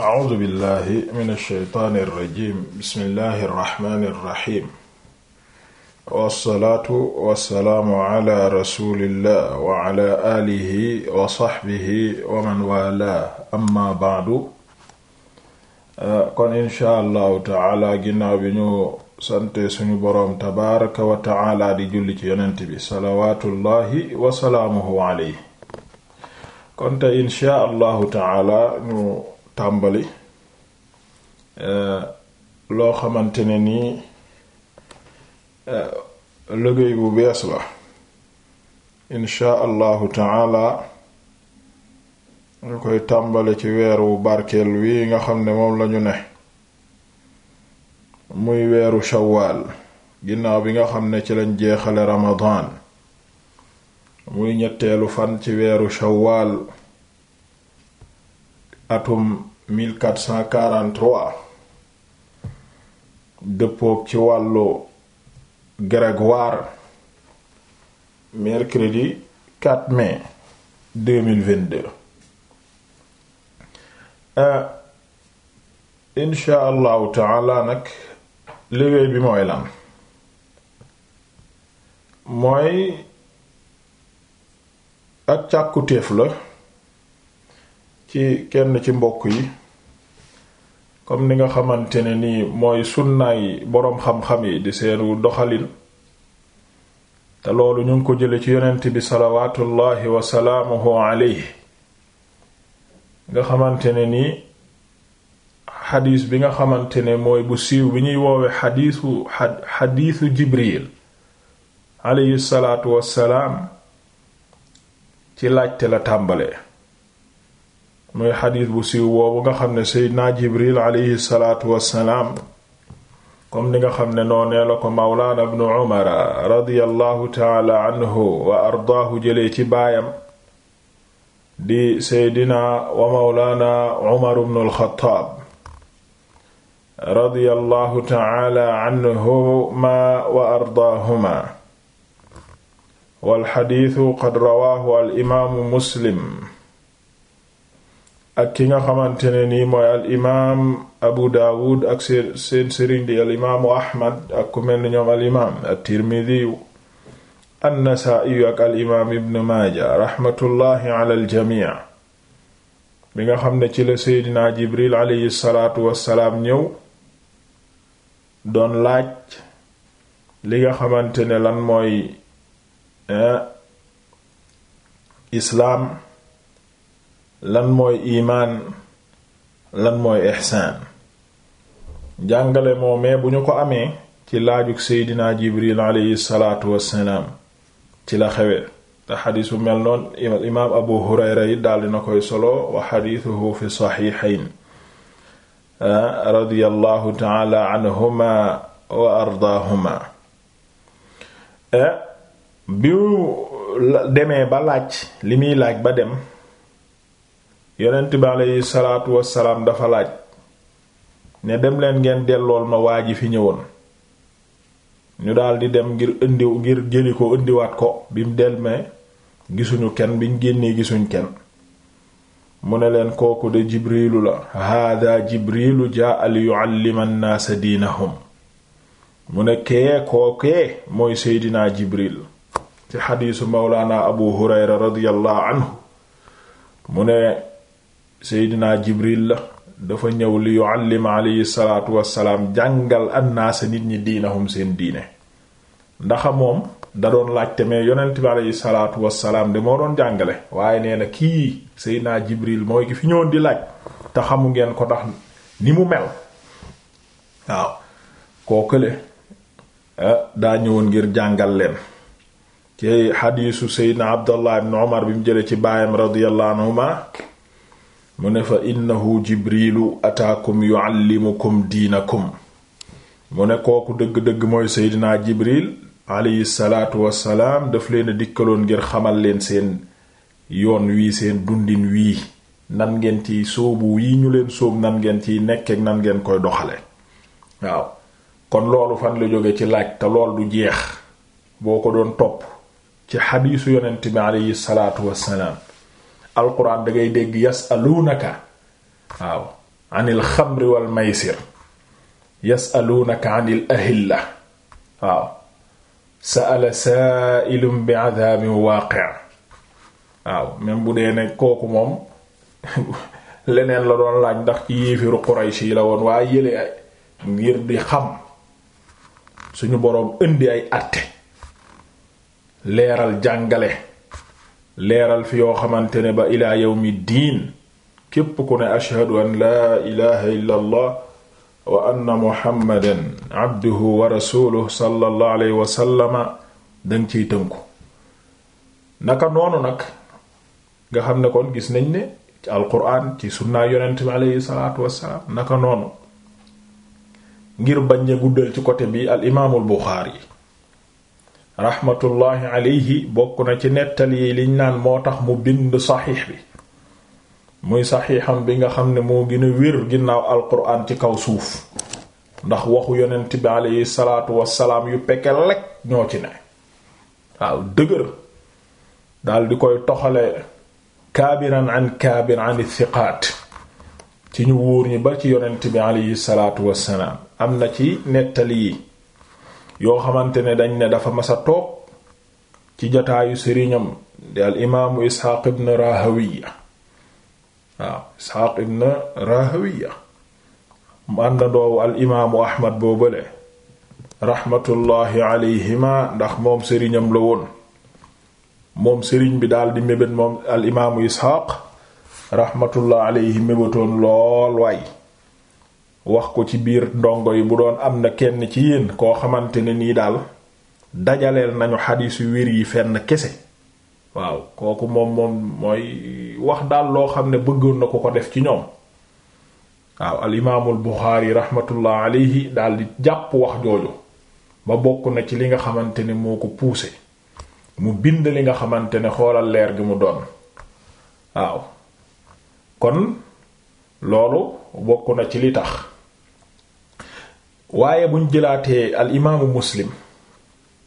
أعوذ بالله من الشيطان الرجيم بسم الله الرحمن الرحيم والصلاة والسلام على رسول الله وعلى آله وصحبه ومن والاه أما بعد kon insha allahu taala ginnaaw bi ñu sante suñu boroom tabaraka wa taala di julli ci yonent bi salawatullahi wa salaamuhu alayhi kon te insha allahu taala ñu tàmbali eh, loo xamante ne nii eh, liggéey bu bees la inchaa allahu taala ñu koy tàmbali ci weeru wu barkeel wi nga xam ne moom lañu ne muy weeru shawaal ginnaaw bi nga xam ne ci lañ jeexale ramadaan muy ñetteelu fan ci weeru shawaal atum 1443 dëppook ci wàllu grégoire mercredi 4 mai 2022 euh, insha allahu taala nag liggéey bi mooy lan mooy ak càkkutéef la ci kenn ci mbokk yi comme ni nga xamante ne nii mooy sunnaay boroom xam-xam yi di seenu doxalin te loolu ñu ngi ko jële ci yonent bi salawaatullaahi wa salaamuhu alayhi nga xamante ne nii xadiis bi nga xamante ne mooy bu siiw bi ñuy woowe xadiisu xadiisu Jibril alayhi salaatu wassalaam ci laajte la tàmbalee muy xadiis bu siiw boobu nga xam ne seydina jibril aleyhi salaatu wassalaam comme ni nga xam ne noonee la ko mawlaana ibnu umara radiyallahu taala anhu wa ardaahu jëlee ci baayam di seydina wa mawlaana umar ibnu alxataab radiyallahu taala anhuma wa ardaahuma wal xadiisu qad rawaahu al imaamu muslim ak ki nga xamante ne nii mooy al imaam Abu Dawud ak seen sëriñ di al imaamu Ahmad ak ku mel ni ñoom al imaam at-Tirmidhi an ak al imaam Ibn Maaja rahmatullahi ala al nga xam ne ci la Seydina Jibril alayhi salaatu wassalaam ñëw doon laaj li nga xamante ne lan mooy eh, islaam lan mooy imaan lan mooy ihsaan jàngale moomee bu ñu ko amee ci laajug seydinaa jibril aleyhi salaatu wassalaam ci la xewe te xadiis mel noon imaam abu hurayra yi daldi na koy solo wa xadiisuhu fi saxiixayn ah, radiyallahu taala wa ardaahuma eh, bi demee ba laaj li muy laaj ba dem yonent bi aleyhi salaatu wassalaam dafa laaj ne dem leen ngeen dellool ma waa ji fi ñëwoon ñu daldi dem ngir indi ngir jëli ko indiwaat ko bi mu delmee gisuñu kenn biñ génnee gisuñ kenn mu ne leen kooku de jibriilu la haada jibriilu jaa li yuallima annaasa diinahum mu ne kee kookee mooy seydinaa jibril ci xadiisu mawlaana abu hurayra radiyallahu anhu mu ne seydinaa jibril la dafa ñëw li yuallima alayhi salaatu wassalaam jàngal annaasa nit ñi diinahum seen diine ndax moom da doon laajte mais yonent bi alayhi salaatu wassalaam de moo doon jàngale waaye nee na kii seydinaa jibril mooy ki fi ñëwoon di laaj te xamu ngeen ko tax ni mu mel waaw koo kële ah, daa ñëwoon ngir jàngal leen ci xadiisu seydinaa abdallah bi mu jële ci baayam radiyallahu anhuma mu ne fa innahu jibrilu ataakum yuallimukum diinakum mu ne kooku dëgg-dëgg mooy seydinaa jibril alayhi salaatu wassalaam def leen dikkaloon ngir xamal leen seen yoon wii seen dundin wii nan ngeen ci sóobu yi ñu leen sóob nan ngeen ciy nekkeek nan ngeen koy doxale waaw kon loolu fan lu jóge ci laaj te lool du jeex boo ko doon topp ci xadiisu yonent bi alayhi salaatu wassalaam alquran da ngay dégg yasaluunaka waaw anil xamri wal maysir yasaluunaka anil ahilla waaw sa'ala sa'ilun bi'adhabin waqi' waaw même bu dee ne kooku moom leneen la doon laaj ndax ci yéefiru Quraysh yi la woon waa yële ngir di xam suñu boroom indi ay àtte leeral jàngale leeral fi yoo xamante ne ba ilaa yawmi diin képp ku ne ashhadu an laa ilaha illa allah wa anna muhammadan abduhu wa rasuluh sallallahu alayhi wa sallama danga ciy tënku naka noonu nag nga xam ne kon gis nañ ne ci alquran ci sunnaa yonent bi aleyhi salaatu wassalaam naka noonu ngir bañ a guddal ci côté bi al imaamul rahmatullahi alayhi bokk na ci nettali yi liñ naan moo tax mu bind saxiix bi muy saxiixam bi nga xam ne moo gën a wér ginnaaw alquran ci kaw suuf ndax waxu yonent bi alayhi salaatu wassalaam yu peke lekk ñoo ci ne waaw dëgër dal koy toxale kaabiran an kaabir an thiqaat ci ñu wóor ñi ba ci yonent bi alayhi salaatu wassalaam am na ci nettali yi yoo xamante ne dañ ne dafa masa toog ci jataayu sëriñam di al imaamu isxaaq ibn rahawiya waaw isxaaq ibn rahawiya mu àndandoowu al imaamu ahmad boobale rahmatullahi alayhima ndax moom sëriñam la woon moom sëriñ bi daal di mébét moom al imaamu isxaaq rahmatullah alayhi mébétoon lool waay wax ko ci biir ndongo yi bu doon am na kenn ci yéen koo xamante ne nii daal dajaleel nañu xadiis yu wér yi fenn kese waaw kooku moom moom mooy wax daal loo xam ne bëggoon na ko ko def ci ñoom waaw al imaamul Buxaari rahmatullah alayhi daal di jàpp wax jooju ba bokk na ci li nga xamante ne moo ko poussé mu bind li nga xamante ne xoolal leer gi mu doon waaw kon loolu bokk na ci li tax waaye buñ jëlaatee al imaamu muslim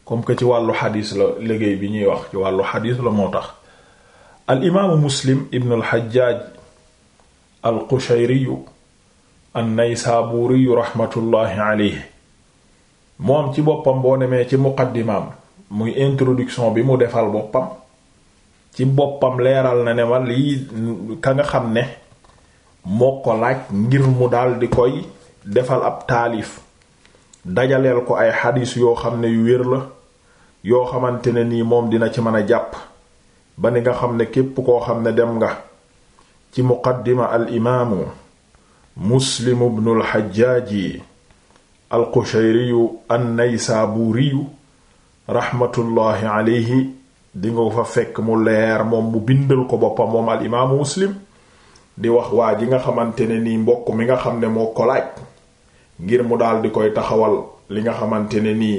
comme que ci wàllu xadiis la liggéey bi ñuy wax ci wàllu xadiis la moo tax al imaamu muslim ibn al xajjaaj al qushayriyu an naysaabuuriyu raxmatullaahi aleyhi moom ci boppam boo nemee ci muqaddimaam muy introduction bi mu defal boppam ci boppam leeral na ne ma lii ka nga xam ne moo ko laaj ngir mu dal di koy defal ab taalif dajaleel ko ay xadiis yoo xam ne yu wér la yoo xamante ne nii moom dina ci mën a jàpp ba ni nga xam ne képp koo xam ne dem nga ci muqaddima al imaamu muslim ibnul xajjaaji al qushayriyu an naysaabuuriyu raxmatullaahi aleyhi dinga fa fekk mu leer moom mu bindal ko boppam moom al muslim di wax waa ji nga xamante ne nii mbokk mi nga xam ne moo kolaaj ngir mu daal di koy taxawal li nga xamante ne nii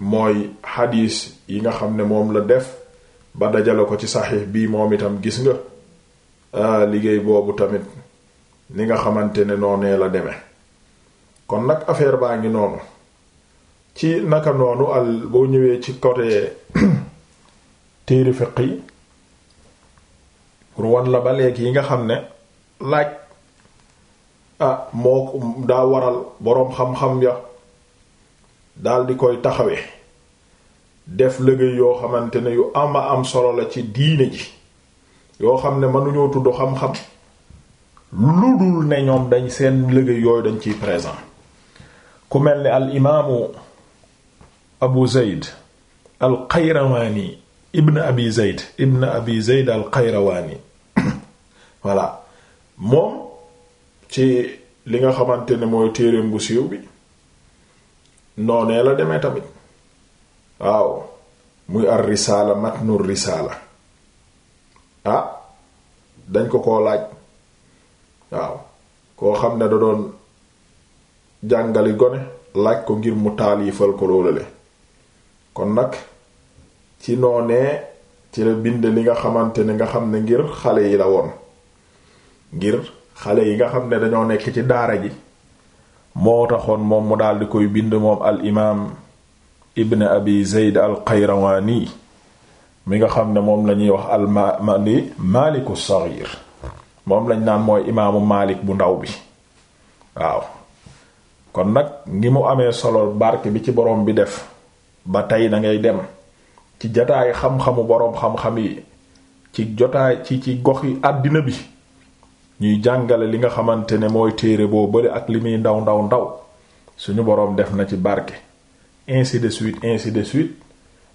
mooy xadiis yi nga xam ne moom la def ba dajale ko ci saxiix bii moom itam gis nga ah, liggéey boobu tamit ni nga xamante ne noonee la deme kon nag affaire baa ngi noonu ci naka noonu al boo ñëwee ci côté téere fiq yi pour wan la ba léegi yi nga xam ne laaj ah moo daa waral boroom xam-xam ya daldi koy taxawe def liggéey yoo xamante ne yu ama am solo la ci diine ji yoo xam ne mënuñoo tudd xam-xam lu dul ne ñoom dañ seen liggéey yooyu dañ ci présent ku mel ni al imaamu abu zayd al qayrawaani ibn abi zayd ibn abi zayd al qayrawaani voilà moom ci li nga xamante ne mooy téereem bu siiw bi noonee la demee tamit waaw muy ar risaala matnur risaala ah dañ ko koo laaj waaw koo xam ne da doon jàngali gone laaj ko ngir mu taalifal ko loolale kon nag ci noonee ci la bind li nga xamante ne nga xam ne ngir xale yi la woon ngir xale yi nga xam ne dañoo nekk ci daara ji moo taxoon moom mu daldi koy bind moom al imaam ibn abi zeyd al qayrawaani mi nga xam ne moom la ñuy wax al mali maaliku saxiir moom lañ naan mooy imaamu maalik bu ndaw bi waaw kon nag ngi mu amee solo bark bi ci boroom bi def ba tey da ngay dem ci jataay xam-xamu boroom xam-xam yi ci jotaay ci ci gox yi àddina bi ñuy jàngale li nga xamante ne mooy téere boo bële ak li muy ndaw ndaw ndaw suñu boroom def na ci barke ainsi de suite ainsi de suite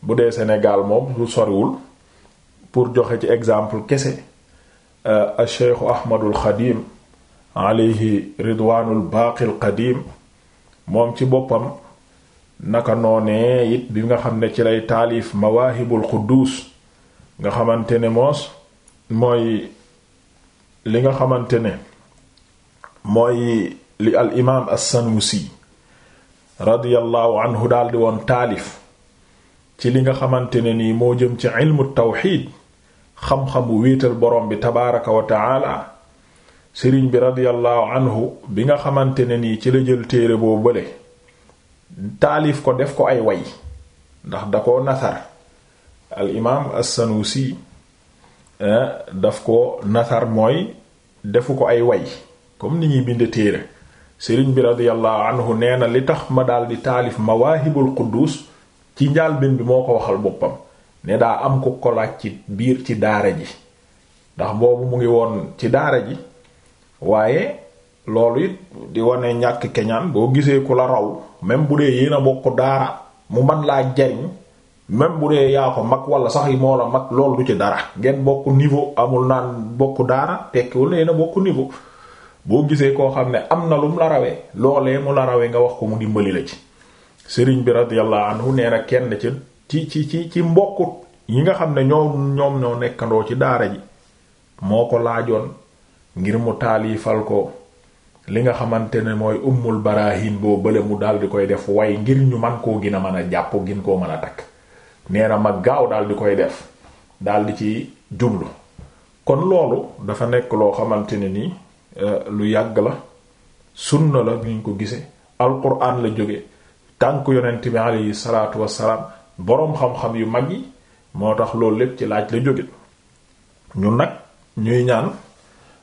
bu dee senegal moom lu soriwul pour joxe ci exemple kese euh, a cheikhu ahmadul xadim alayhi ridwanul baaqil qadim moom ci boppam naka noonee it bi nga xam ne ci lay taalif mawaahibul quddus nga xamante ne moos mooy li nga xamante ne mooy li al imaam as-Sanusi woon taalif ci li nga xamante ne nii moo jëm ci ilmu tawxiid xam-xamu wéetal borom bi tabaaraka wa sëriñ bi radiyallahu anhu bi nga xamante ne nii ci la jël téere boo bële taalif ko def ko ay way ndax da ko nasar al imaam Eh, daf ko nasar mooy defu ko ay way comme ni ñuy bind téere sëriñ bi radiyallahu anhu nee na li tax ma daal di taalif mawaahibul quddus ci njàlbéen bi moo ko waxal boppam ne daa am ku ko ci biir ci daara ji ndax boobu mu ngi woon ci daara ji waaye loolu it di wane ñàkk keñaan boo gisee ku la raw même bu dee yéen a bokk daara mu man laa jariñ même bu dee yaa ko mag wala sax yi moo la mag loolu du ci dara ngeen bokk niveau amul naan bokk daara tekkiwul nee na bokk niveau boo gisee koo xam ne am na lum la rawee loolee mu la rawee nga wax ko mu dimbali la ci sëriñ bi radiyallahu anhu nee na kenn ci ci ci ci ci mbokkut yi nga xam ne ñoom ñoom ñoo nekkandoo ci daara ji moo ko laajoon ngir mu taalifal ko li nga xamante ne mooy ummul barahin boo bële mu di koy def way ngir ñu man koo gën mën a jàpp gin koo mën a takk nee na gaaw daal di koy def daal di ci jublu kon loolu dafa nekk loo xamante ne nii euh, lu yàgg la sunna la ñu ko gisee alquran la jóge tànk yonent bi alayhi salaatu wassalaam boroom xam-xam yu mag yi moo tax loolu lépp ci laaj la jóge ñun nag ñuy ñaan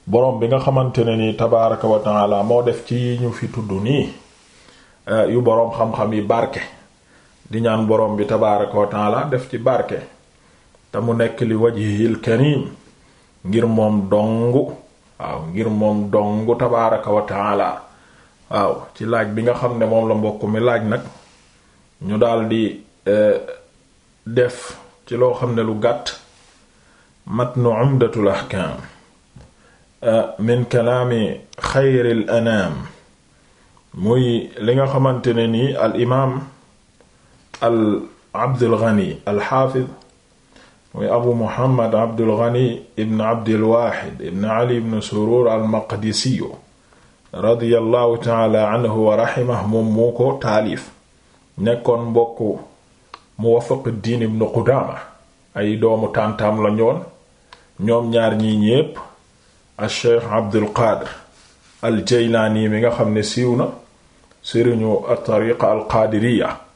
boroom bi nga xamante ne nii tabaaraka wa moo def ci ñu fi tudd nii euh, yu boroom xam-xam yi barke di ñaan borom bi tabaaraka wa def ci barke te mu nekk li wajhihil karim ngir moom dongu waaw ngir moom dongu tabaaraka wa waaw ci laaj bi nga xam ne moom la mbokk mi laaj nag ñu daldi eh, def ci loo xam ne lu gàtt matnu umdatul ahkaam eh, min kalaami xayril anaam muy li nga xamante ne nii al imaam al Abdul Ghani al Hafiz muy Abu Muhammad Abdul Ghani ibn Abdil Wahid ibn Ali ibn Surur al Maqdisi radiyallahu ta'ala anhu wa rahimahu moom moo ko taalif nekkoon mbokku muwaffaqid Qudama ay doomu tàntaam la ñoon ñoom ñaar ñii al Cheikh Abdul Qadir al Jaylaani mi nga xam ne siiw na sëriñu tariqa al qaadiriya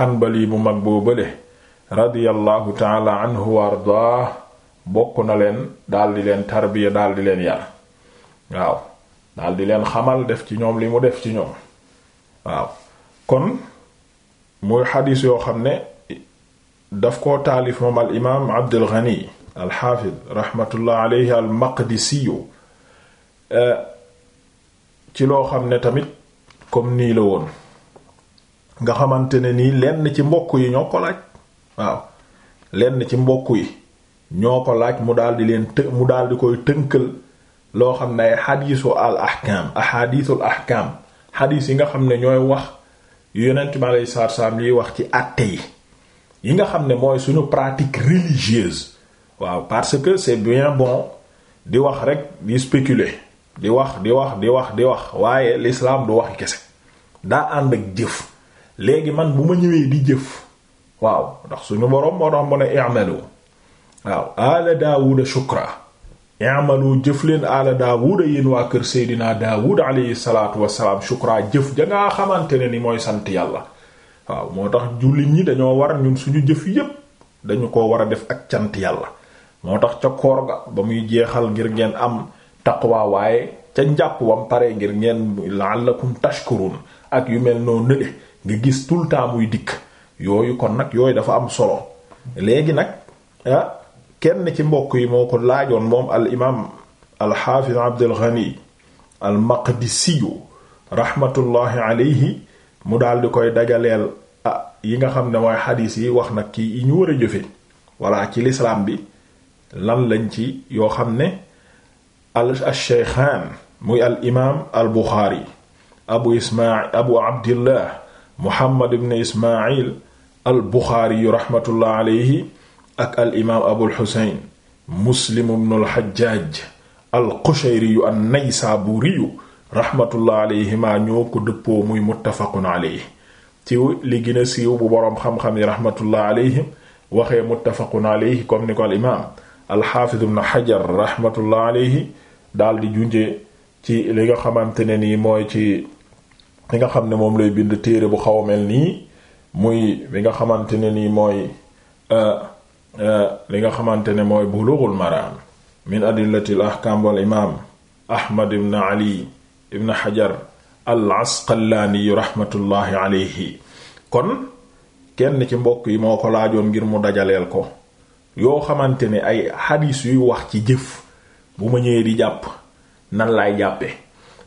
xanbali bu mag boo bële radiyallahu taala anhu wa ardaah bokk na leen daldi leen tarbiya daldi leen yar waaw daldi leen xamal def ci ñoom li mu def ci ñoom waaw kon muy xadiis yoo xam ne daf ko taalif moom al imaam Abdul Ghani al raxmatullah alayhi al eh, ci loo xam ne tamit comme nii la woon nga xamante ne nii lenn ci mbokk yi ñoo ko laaj waaw lenn ci mbokk yi ñoo ko laaj mu daal di leen të mu daal di koy tënkal loo xam ne ay xadiisu al ahkaam ahadiisul ahkaam xadiis yi nga xam ne ñooy wax yonent mi alayhi salaatu salaam liy wax ci àtte yi yi nga xam ne mooy suñu pratique religieuse waaw parce que c'est bien bon di wax rek di spéculer di wax di wax di wax di wax waaye l'islam du waxi kese daa ànd ak jëf léegi man bu ma ñëwee di jëf waaw ndax suñu boroom moo tax mu ne waaw ala daawuda shukra i'malu jëf leen ala daawuda yéen waa kër seydinaa daawuda alayhi salaatu wassalaam shukra jëf ja ngaa xamante ne ni mooy sant yàlla waaw moo tax jullit ñi dañoo war ñun suñu jëf yëpp dañu ko war a def ak cant yàlla moo tax ca koor ga ba muy jeexal ngir ngeen am taqwa waaye ca njàpp wam pare ngir ngeen la'allakum tashkurun ak yu mel noo nële nga gis tout le temps muy dikk yooyu kon nag yooyu dafa am solo léegi nag ah, kenn ci mbokk yi moo ko laajoon moom al imaam al xaafiz Abdul Ghani al Maqdisiyu rahmatullahi alayhi mu dal di koy dajaleel ah, yi nga xam ne mooy xadiis yi wax nag ki yi ñu wër a jëfe walla ci lislaam bi lan lañ ci yoo xam ne al Shaykhaan muy al imaam al Buxaari abu Ismaa'il abu Abdillah Muhammad ibn Ismaayil al Buxaari yu rahmatullah aleyhi ak al imaam Abul Xuseyn Muslim ibn al Xajjaaj al Qushayri yu an Naysaabuuri yu rahmatullah aleyhima ñoo ko dëppoo muy muttafaqun aleyhi ci li gën siiw bu boroom xam-xam yi rahmatullah aleyhim waxee muttafaqun aleyhi comme ni ko al imaam al Xaafiz ibn Xajar rahmatullah aleyhi daal junjee ci li nga xamante ne nii mooy ci. li nga xam ne moom lay bind téere bu xaw nii muy bi nga xamante ne nii mooy euh, euh, li nga xamante ne mooy bulughul maram min adillatil ahkam wal imam ahmad ibn ali ibn hajar al asqalaani rahmatullahi alayhi kon kenn ci mbokk yi moo ko laajoon ngir mu dajaleel ko yoo xamante ne ay xadiis yuy wax ci jëf bu ma ñëwee di jàpp nan laay jàppe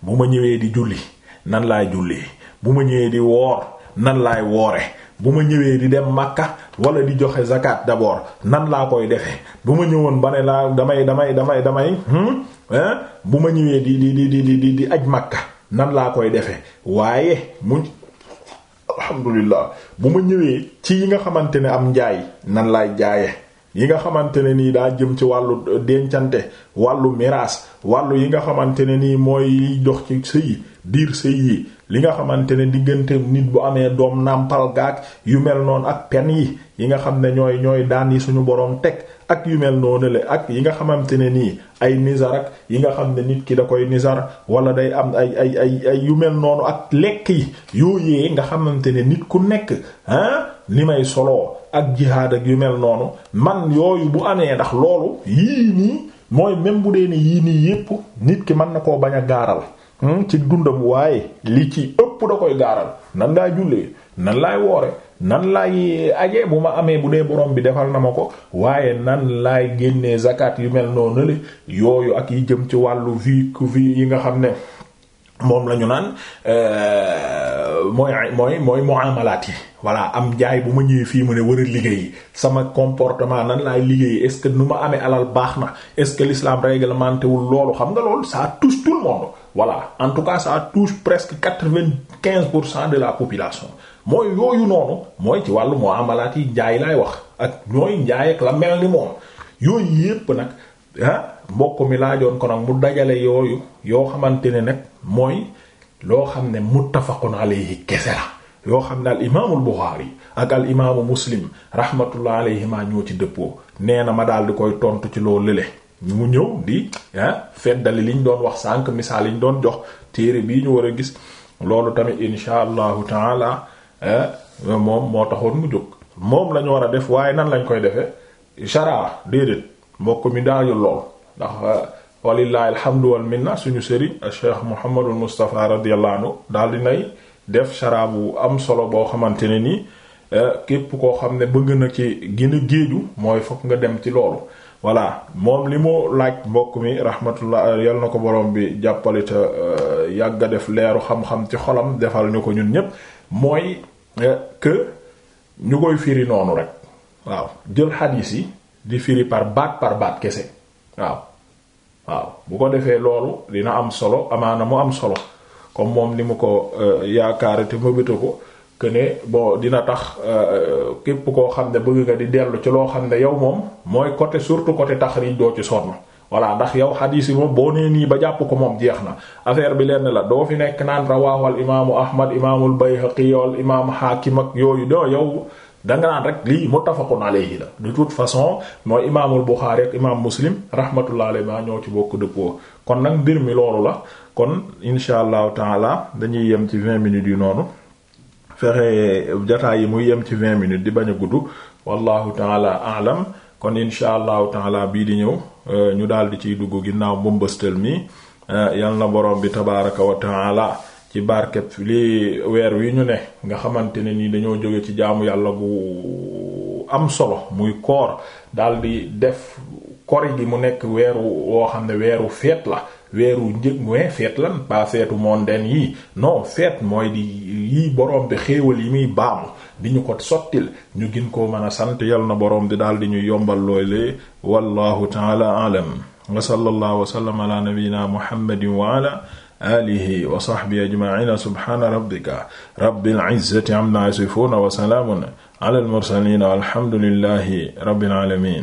bu ma ñëwee di julli nan laay jullee bu ma ñëwee di woor nan laay woore bu ma ñëwee di dem Makka wala di joxe zakat d'abord nan laa koy defee bu ma ñëwoon ba ne laa damay damay damay damay hmm, bu ma ñëwee di di di di di di aj Makka nan laa koy defee waaye mu alhamdulillah bu ma ñëwee ci yi nga xamante ne am njaay nan laay jaaye yi nga xamante ne nii daa jëm ci wàllu euh, dencante wàllu miraas wàllu yi nga xamante ne nii mooy liy dox ci sëy diir sëy yi li nga xamante ne diggante nit bu amee doom nàmpal gaag yu mel noonu ak pen yi yi nga xam ne ñooy ñooy daan yi suñu boroom teg ak yu mel noonu la ak yi nga xamante ne nii ay nizar ak yi nga xam ne nit ki da koy nizar wala day am ay ay ay yu mel noonu ak lekk yi yooyee nga xamante ne nit ku nekk ah li may soloo ak jihaad ak yu mel noonu man yooyu bu amee ndax loolu yii nii mooy même bu dee ni yii nii yépp nit ki mën na koo bañ a gaaral hmm? ci dundam waaye li ci ëpp da koy gaaral nan laay jullee nan laay woore nan laay aje bu ma amee bu dee borom bi defal na ma ko waaye nan laay génnee zakat yu mel noonu la yooyu ak yi jëm ci wàllu vie vie yi nga xam ne moom la ñu naan. Euh, mooy mooy mooy muamalaat yi voilà am jaay bu ma ñëwee fii mu ne war a liggéey sama comportement nan laay liggéey est-ce que nu ma amee alal baax na est-ce que l'islam réglementé wul loolu xam nga loolu ça touche tout le monde voilà en tout cas ça touche presque quatre-vingt-quinze pour cent de la population mooy yooyu noonu mooy ci wàllu muamalaat yi jaay laay wax ak mooy njaay ak la mel ni moom yooyu yépp nag ah, mbokk mi laajoon ko nag mu dajale yooyu yoo xamante ne nag mooy. loo xam ne muttafaqun alayhi kese la yoo xam ne al imaamul Buxaari ak al imaamu Muslim rahmatullah alayhima ñoo ci dëppoo nee na ma daal di koy tontu ci loo lële mu ñëw di ah feddali liñ doon wax sànq misaal liñ doon jox téere bii ñu war a gis loolu tamit insha allahu taala ah, moom moo taxoon mu jóg moom lañu war a def waaye nan lañ koy defee chara déedéet mbokk mi daajul lool ndax ah, walillahi alhamdu wal minna suñu sëriñ Cheikh Muhammadul Mustafa radiyallahu anhu daal di nay def sharaabu am solo boo xamante ne nii eh, képp koo xam ne bëgg na ci gën a géeju mooy fokk nga dem ci loolu. voilà moom li mu laaj mbokk mi rahmatullah eh, yal na ko boroom bi jàppale te eh, yàgg a def leeru xam-xam ci xolam defal ñu ko ñun ñépp mooy que ñu koy firi noonu rek waaw jël xadiis yi di firi par baat par baat kese waaw. waaw bu ko defee loolu dina am solo amaana mu am solo comme moom li mu ko euh, yaakaare te mëbita ko que ne bon dina tax euh, képp koo xam ne bëgg nga di dellu ci loo xam ne yow moom mooy côté surtout côté taxriij doo ci sonn voilà ndax yow xadiis yi moom boo nee nii ba jàpp ko moom jeex na affaire bi lenn la doo fi nekk naan rawaahu al imaamu ahmad imaamul bayhaqi wal imaam haakim ak yooyu doo yow danga naan rek lii muttafaqun alayhi la de toute façon mooy imaamul Buxaari ak imaam Muslim rahmatullah alayhi ma ñëw ci bokk dëppoo kon nag mbir mi loolu la kon insha allahu taala dañuy yem ci vingt minutes yu noonu fexe jataay yi muy yem ci vingt minutes di bañ a gudd wallahu taala alam kon insha allahu taala bii di ñëw euh, ñu daal ciy dugg ginnaaw mbëmbëstal mi euh, yal na borom bi tabaaraka wa taala ci barket li weer wi ñu ne nga xamante ne ni dañoo jóge ci jaamu yàlla bu am solo muy koor di def kori gi mu nekk weeru woo xam ne weeru feet la weeru njëg mais feet lan pas feetu mondaine yii non feet mooy di yii borom bi xéewal yi muy baamu di ñu ko sottil ñu gin ko mën a sant yal na borom di daal di ñu yombal loolee wallahu taala alam wa sallallahu wa sallam ala nabiyyina muhammadin wa ala alihi wa sahbihi ajma'ina subhana rabbika rabbil izzati amma yasifuna wa salamun ala al mursalin walhamdulillahi rabbil alamin